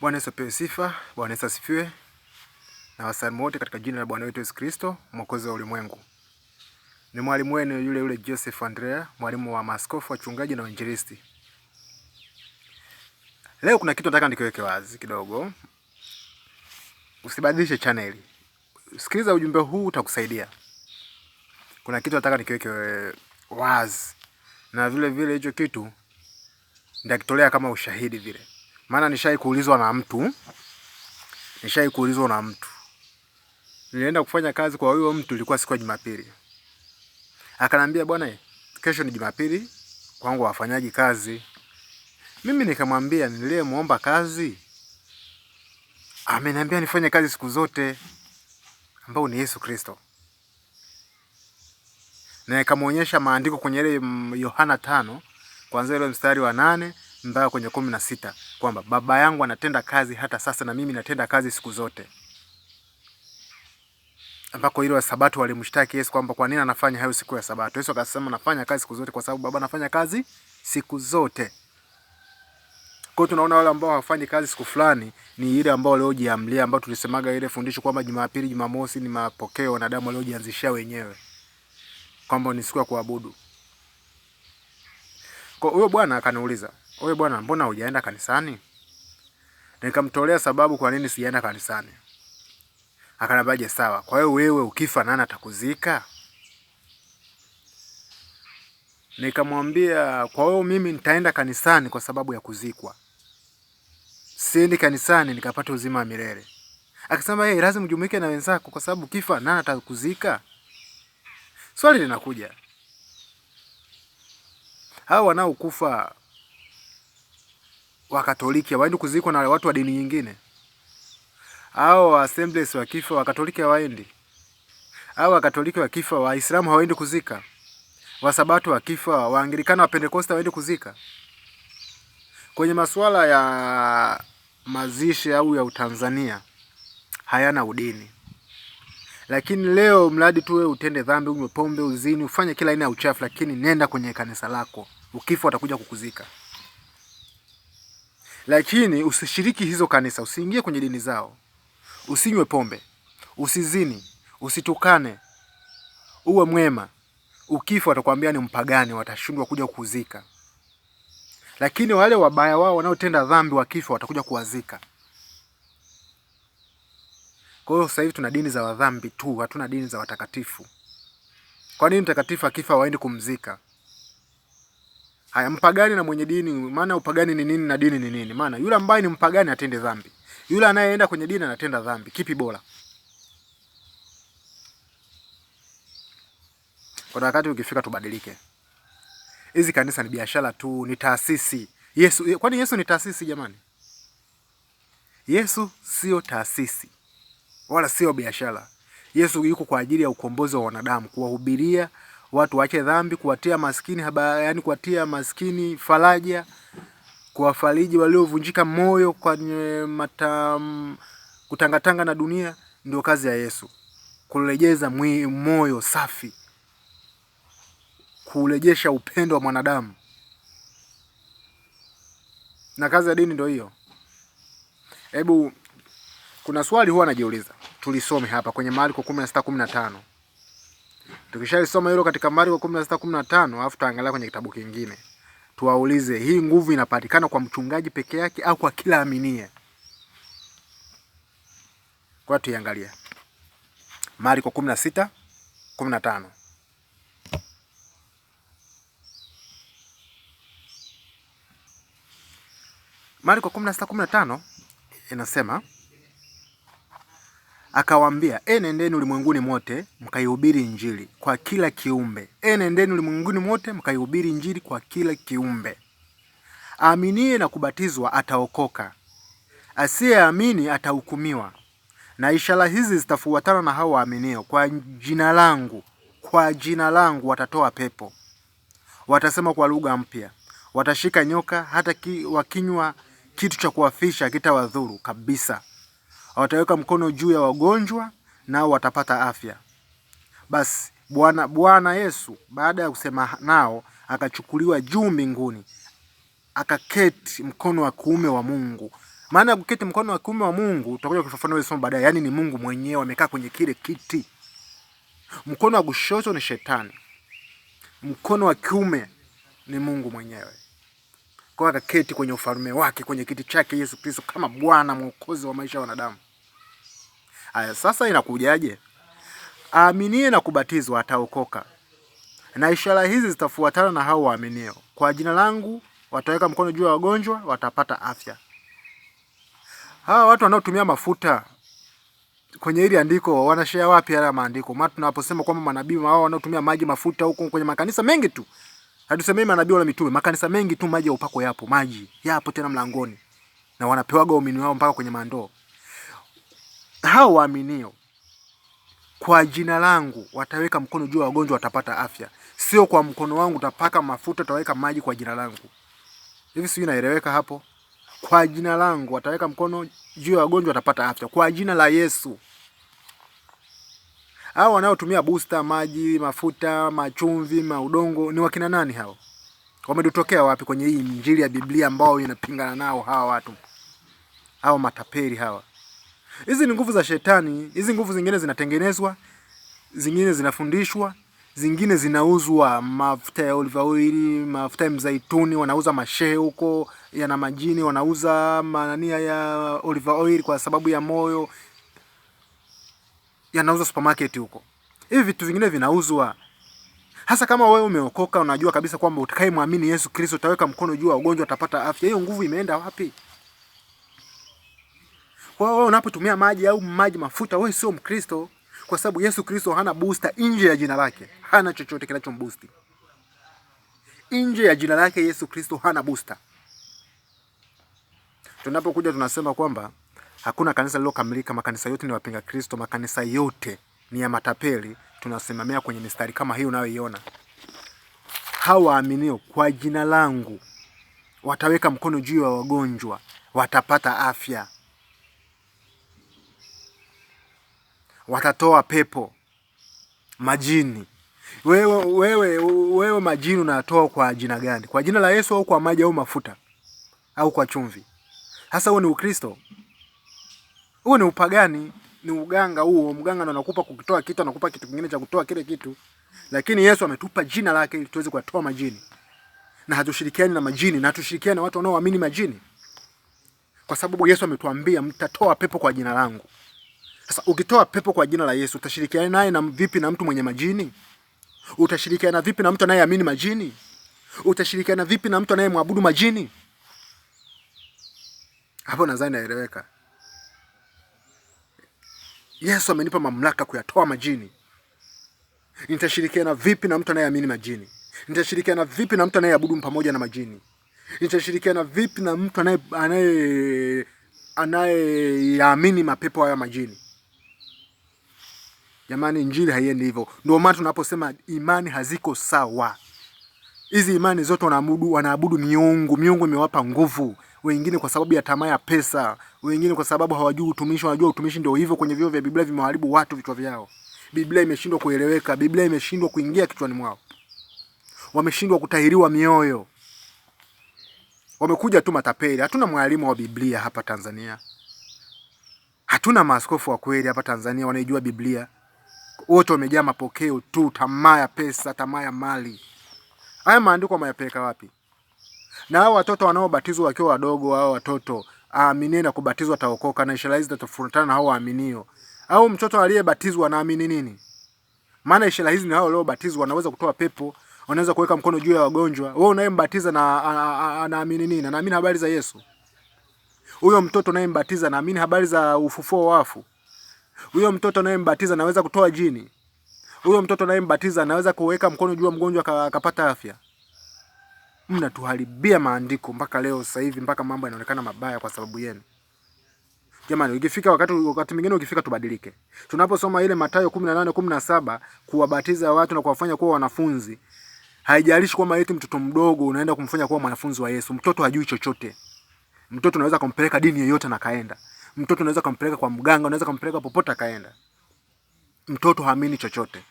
Bwana Yesu apewe sifa, Bwana Yesu asifiwe. Na wasalimu wote katika jina la Bwana wetu Yesu Kristo, Mwokozi wa ulimwengu. Ni mwalimu wenu yule yule Joseph Andrea, mwalimu wa maskofu wachungaji na wainjilisti. Leo kuna kitu nataka nikiweke wazi kidogo. Usibadilishe channel. Sikiliza ujumbe huu utakusaidia. Kuna kitu nataka nikiweke eh, wazi. Na vile vile hicho kitu nitakitolea kama ushahidi vile maana nishai kuulizwa na mtu, nishai kuulizwa na mtu, nilienda kufanya kazi kwa huyo mtu, ilikuwa siku ya Jumapili, akanambia bwana, kesho ni Jumapili kwangu wafanyaji kazi. Mimi nikamwambia muomba kazi ameniambia nifanye kazi siku zote, ambao ni Yesu Kristo, na nikamwonyesha maandiko kwenye ile mm, Yohana tano kuanzia ile mstari wa nane mpaka kwenye kumi na sita kwamba baba yangu anatenda kazi hata sasa na mimi natenda kazi siku zote, ambako ile wa sabato walimshtaki Yesu kwamba kwa nini anafanya hayo siku ya Sabato. Yesu akasema nafanya kazi siku zote kwa sababu baba anafanya kazi siku zote. Kwa hiyo tunaona wale ambao hawafanyi kazi siku fulani ni ile ambao waliojiamlia, ambao tulisemaga ile fundisho kwamba Jumapili, Jumamosi ni mapokeo wanadamu waliojianzishia wenyewe kwamba ni siku ya kuabudu. Kwa huyo bwana akaniuliza wewe bwana, mbona hujaenda kanisani? Nikamtolea sababu kwa nini sijaenda kanisani. Akanabaje, sawa, kwa hiyo wewe ukifa nani atakuzika? Nikamwambia, kwa hiyo mimi nitaenda kanisani kwa sababu ya kuzikwa, siendi kanisani nikapata uzima wa milele. Akasema yeye lazima ujumuike na wenzako, kwa sababu kifa nani atakuzika? Swali linakuja, hao wanaokufa wa Katoliki hawaendi kuzikwa na watu wa dini nyingine? Hao wa Assemblies wakifa wa Katoliki hawaendi? Hao wa Katoliki wakifa Waislamu hawaendi kuzika? Wa Sabato wakifa Waanglikana wa Pentecost hawaendi kuzika? Kwenye masuala ya mazishi au ya Utanzania hayana udini, lakini leo mradi tu wewe utende dhambi, unywe pombe, uzini, ufanye kila aina ya uchafu, lakini nenda kwenye kanisa lako, ukifa watakuja kukuzika lakini usishiriki hizo kanisa, usiingie kwenye dini zao, usinywe pombe, usizini, usitukane, uwe mwema. Ukifa watakwambia ni mpagani, watashindwa kuja kuzika. Lakini wale wabaya wao wanaotenda dhambi wakifa watakuja kuwazika. Kwa hiyo sasa hivi tuna dini za wadhambi tu, hatuna dini za watakatifu. Kwa nini mtakatifu akifa waende kumzika? Haya, mpagani na mwenye dini, maana upagani ni nini na dini ni nini? Maana yule ambaye ni mpagani atende dhambi, yule anayeenda kwenye dini anatenda dhambi. Kipi bora? Kuna wakati ukifika tubadilike. Hizi kanisa ni biashara tu, ni taasisi. Yesu, kwani Yesu ni taasisi jamani? Yesu sio taasisi wala sio biashara. Yesu yuko kwa ajili ya ukombozi wa wanadamu, kuwahubiria watu waache dhambi, kuwatia maskini haba, yani kuwatia maskini faraja, kuwafariji waliovunjika moyo kwenye matam, kutangatanga na dunia. Ndio kazi ya Yesu, kurejeza moyo safi, kurejesha upendo wa mwanadamu, na kazi ya dini ndio hiyo. Hebu kuna swali huwa anajiuliza, tulisome hapa kwenye Marko tano Tukishalisoma hilo katika Marko 16:15, alafu tutaangalia kwenye kitabu kingine. Tuwaulize, hii nguvu inapatikana kwa mchungaji peke yake au kwa kila aminie? Kwa tuiangalia Marko 16:15. Marko 16:15 inasema Akawaambia, enendeni ee, ulimwenguni mote mkaihubiri Injili kwa kila kiumbe. Enendeni ee, ulimwenguni mote mkaihubiri Injili kwa kila kiumbe. Aaminie na kubatizwa ataokoka, asiyeamini atahukumiwa. Na ishara hizi zitafuatana na hao waaminio, kwa jina langu, kwa jina langu watatoa pepo, watasema kwa lugha mpya, watashika nyoka, hata ki, wakinywa kitu cha kuwafisha kitawadhuru kabisa wataweka mkono juu ya wagonjwa nao watapata afya. Basi Bwana Bwana Yesu baada ya kusema nao akachukuliwa juu mbinguni, akaketi mkono wa kuume wa Mungu. Maana ya kuketi mkono wa kuume wa Mungu tutakuja kufafanua hiyo somo baadaye, yaani ni Mungu mwenyewe amekaa kwenye kile kiti. Mkono wa kushoto ni Shetani, mkono wa kiume ni Mungu mwenyewe kwa akaketi kwenye ufalme wake, kwenye kiti chake Yesu Kristo kama Bwana mwokozi wa maisha ya wanadamu. Aya, sasa inakujaje? Aaminie na kubatizwa ataokoka, na ishara hizi zitafuatana na hao waaminio. Kwa jina langu wataweka mkono juu ya wagonjwa, watapata afya. Hawa watu wanaotumia mafuta kwenye hili andiko wanashare wapi haya maandiko? Maana tunaposema kwamba manabii hao wanaotumia maji mafuta huko kwenye makanisa mengi tu na tusemee manabii wala mitume, makanisa mengi tu maji ya upako yapo, maji yapo tena mlangoni. Na wanapewaga waumini wao mpaka kwenye mandoo. Hao waaminio kwa jina langu wataweka mkono juu ya wagonjwa watapata afya. Sio kwa mkono wangu utapaka mafuta utaweka maji kwa jina langu. Hivi sijui inaeleweka hapo? Kwa jina langu wataweka mkono juu ya wagonjwa watapata afya. Kwa jina la Yesu hao wanaotumia booster, maji, mafuta, machumvi, maudongo ni wakina nani hao? Wamedutokea wapi kwenye hii injili ya Biblia ambao inapingana nao hawa watu? Hao matapeli hawa. Hizi ni nguvu za shetani. Hizi nguvu zingine zinatengenezwa, zingine zinafundishwa, zingine zinauzwa, mafuta ya olive oil, mafuta ya mzaituni, wanauza mashehe huko yana majini, wanauza manania ya olive oil kwa sababu ya moyo, yanauzwa supermarket huko. Hivi vitu vingine vinauzwa. Hasa kama wewe umeokoka, unajua kabisa kwamba utakayemwamini Yesu Kristo utaweka mkono juu ya ugonjwa utapata afya. Hiyo nguvu imeenda wapi? Kwa wewe unapotumia maji au maji mafuta, wewe sio Mkristo kwa sababu Yesu Kristo hana booster nje ya jina lake. Hana chochote kinachomboost. Nje ya jina lake Yesu Kristo hana booster. Tunapokuja tunasema kwamba Hakuna kanisa lililokamilika. Makanisa yote ni wapinga Kristo, makanisa yote ni ya matapeli. Tunasimamia kwenye mistari kama hiyo unayoiona. Hao waaminio kwa jina langu wataweka mkono juu ya wagonjwa, watapata afya, watatoa pepo majini. Wewe, wewe, wewe majini unatoa kwa jina gani? Kwa jina la Yesu au kwa maji au mafuta au kwa chumvi? Hasa huo ni Ukristo? Huo ni upagani, ni uganga huo. Mganga ndo anakupa kukitoa kitu, anakupa kitu kingine cha kutoa kile kitu. Lakini Yesu ametupa jina lake ili tuweze kuyatoa majini. Na hatushirikiani na majini, na hatushirikiani na watu wanaoamini majini. Kwa sababu Yesu ametuambia mtatoa pepo kwa jina langu. Sasa ukitoa pepo kwa jina la Yesu utashirikiana naye na vipi na mtu mwenye majini? Utashirikiana vipi na mtu anayeamini majini? Utashirikiana vipi na mtu anayemwabudu majini? Hapo nadhani naeleweka. Yesu amenipa mamlaka kuyatoa majini. Nitashirikiana vipi na mtu anayeamini majini? Nitashirikiana vipi na mtu anayeabudu pamoja na majini? Nitashirikiana vipi na mtu anaye anaye anayeyaamini mapepo haya majini? Jamani, injili haiendi hivyo. Ndio maana tunaposema imani haziko sawa. Hizi imani zote wanaabudu wanaabudu miungu, miungu imewapa nguvu wengine kwa sababu ya tamaa ya pesa, wengine kwa sababu hawajui utumishi. Wanajua utumishi ndio hivyo, kwenye vyuo vya Biblia vimeharibu watu vichwa vyao. Biblia imeshindwa kueleweka, Biblia imeshindwa kuingia kichwani mwao, wameshindwa kutahiriwa mioyo, wamekuja tu matapeli. Hatuna mwalimu wa Biblia hapa Tanzania, hatuna maaskofu wa kweli hapa Tanzania wanaijua Biblia. Wote wamejaa mapokeo tu, tamaa ya pesa, tamaa ya mali. Haya maandiko wameyapeleka wapi? Na hao watoto wanaobatizwa wakiwa wadogo, hao watoto aaminiye na kubatizwa ataokoka, na ishara hizi zitafuatana na hao waaminio. Au mtoto aliyebatizwa anaamini nini? Maana ishara hizi ni hao waliobatizwa, wanaweza kutoa pepo, wanaweza kuweka mkono juu ya wagonjwa. Wewe unayembatiza na anaamini nini? Anaamini habari za Yesu. Huyo mtoto unayembatiza naamini habari za ufufuo wa wafu. Huyo mtoto unayembatiza anaweza kutoa jini. Huyo mtoto unayembatiza anaweza kuweka mkono juu ya mgonjwa akapata afya mnatuharibia maandiko mpaka leo sasa hivi, mpaka mambo yanaonekana mabaya kwa sababu yenu. Jamani, ukifika wakati wakati mwingine ukifika tubadilike. Tunaposoma ile Mathayo 18 17 kuwabatiza watu na kuwafanya kuwa wanafunzi. Haijalishi kwamba eti mtoto mdogo unaenda kumfanya kuwa mwanafunzi wa Yesu. Mtoto hajui chochote. Mtoto unaweza kumpeleka dini yoyote na kaenda. Mtoto unaweza kumpeleka kwa mganga, unaweza kumpeleka popote akaenda. Mtoto haamini chochote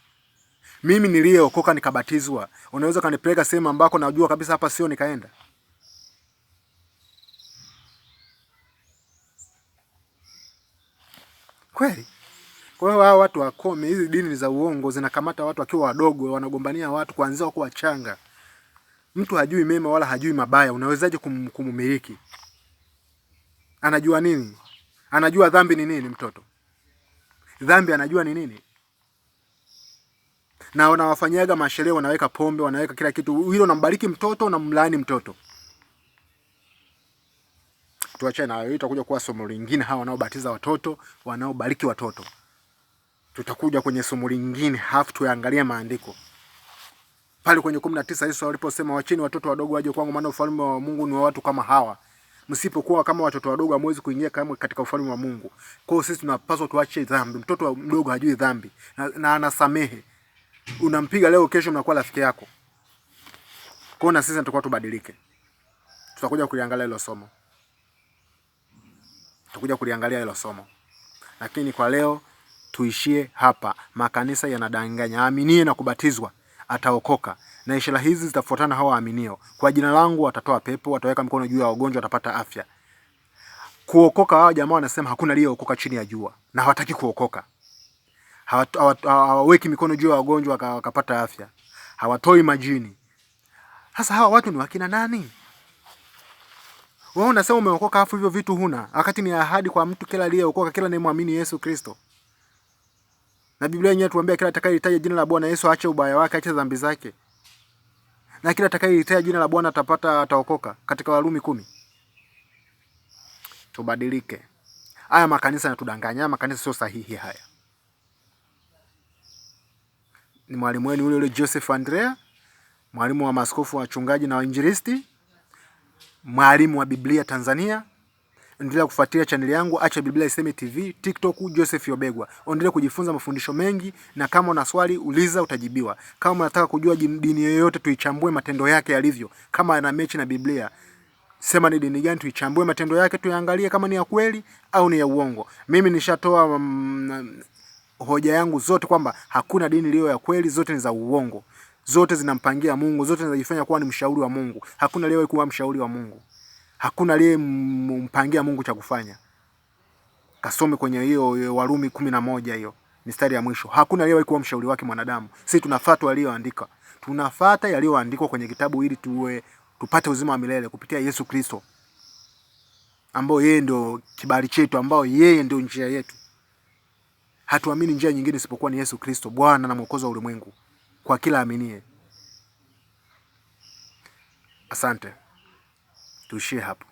mimi niliyeokoka nikabatizwa, unaweza ukanipeleka sehemu ambako najua kabisa hapa sio, nikaenda kweli? Kwa hiyo hao watu wakome, hizi dini za uongo zinakamata watu wakiwa wadogo, wanagombania watu kuanzia wako wachanga. Mtu hajui mema wala hajui mabaya, unawezaje kum, kumumiliki? Anajua nini? Anajua dhambi ni nini? Mtoto dhambi anajua ni nini? na wanawafanyaga masherehe, wanaweka pombe, wanaweka kila kitu. Hilo unambariki mtoto, na unamlaani mtoto. Tuachane na hiyo, itakuja kuwa somo lingine. Hawa wanaobatiza watoto, wanaobariki watoto, tutakuja kwenye somo lingine, halafu tuangalie maandiko pale kwenye 19 Yesu aliposema wacheni watoto wadogo waje kwangu, maana ufalme wa Mungu ni wa watu kama hawa. Msipokuwa kama watoto wadogo, hamwezi kuingia kama katika ufalme wa Mungu. Kwa hiyo sisi tunapaswa tuache dhambi. Mtoto mdogo hajui dhambi na, na anasamehe unampiga leo, kesho unakuwa rafiki yako. Kwa hiyo na sisi tutakuwa tubadilike, tutakuja kuliangalia hilo somo, tutakuja kuliangalia hilo somo, lakini kwa leo tuishie hapa. Makanisa yanadanganya, aaminie na kubatizwa ataokoka na ishara hizi zitafuatana hawa waaminio. Kwa jina langu watatoa pepo, wataweka mkono juu ya wagonjwa, watapata afya. Kuokoka, hawa jamaa wanasema hakuna aliyeokoka chini ya jua, na hawataki kuokoka hawaweki mikono juu ya wagonjwa wakapata afya, hawatoi majini. Sasa hawa watu ni wakina nani? Wewe unasema umeokoka afu hivyo vitu huna, wakati ni ahadi kwa mtu kila aliyeokoka, kila anayemwamini Yesu Kristo. Na Biblia yenyewe tuambia kila atakayehitaji jina la Bwana Yesu aache ubaya wake, aache dhambi zake, na kila atakayehitaji jina la Bwana atapata, ataokoka, katika Warumi kumi. Tubadilike. Haya makanisa yanatudanganya, makanisa sio sahihi haya ni mwalimu wenu yule yule Joseph Andrea, mwalimu wa maskofu wa wachungaji na wainjilisti, mwalimu wa Biblia Tanzania. Endelea kufuatilia chaneli yangu Acha Biblia Iseme TV, TikTok Joseph Yobegwa. Endelea kujifunza mafundisho mengi, na kama una swali uliza, utajibiwa. Kama unataka kujua dini yoyote tuichambue matendo yake yalivyo, kama ana mechi na Biblia sema ni dini gani, tuichambue matendo yake, tuyaangalie kama ni ya kweli au ni ya uongo. Mimi nishatoa mm, hoja yangu zote kwamba hakuna dini iliyo ya kweli, zote ni za uongo, zote zinampangia Mungu, zote zinajifanya kuwa ni mshauri wa Mungu. Hakuna aliyewahi kuwa mshauri wa Mungu, hakuna aliyempangia Mungu cha kufanya. Kasome kwenye hiyo Warumi kumi na moja hiyo mistari ya mwisho. Hakuna aliyewahi kuwa mshauri wake mwanadamu. Sisi tunafuata aliyoandika, tunafuata yaliyoandikwa kwenye kitabu ili tuwe tupate uzima wa milele kupitia Yesu Kristo, ambao yeye ndio kibali chetu, ambao yeye ndio njia yetu hatuamini njia nyingine isipokuwa ni Yesu Kristo Bwana na Mwokozi wa ulimwengu kwa kila aminie. Asante, tuishie hapo.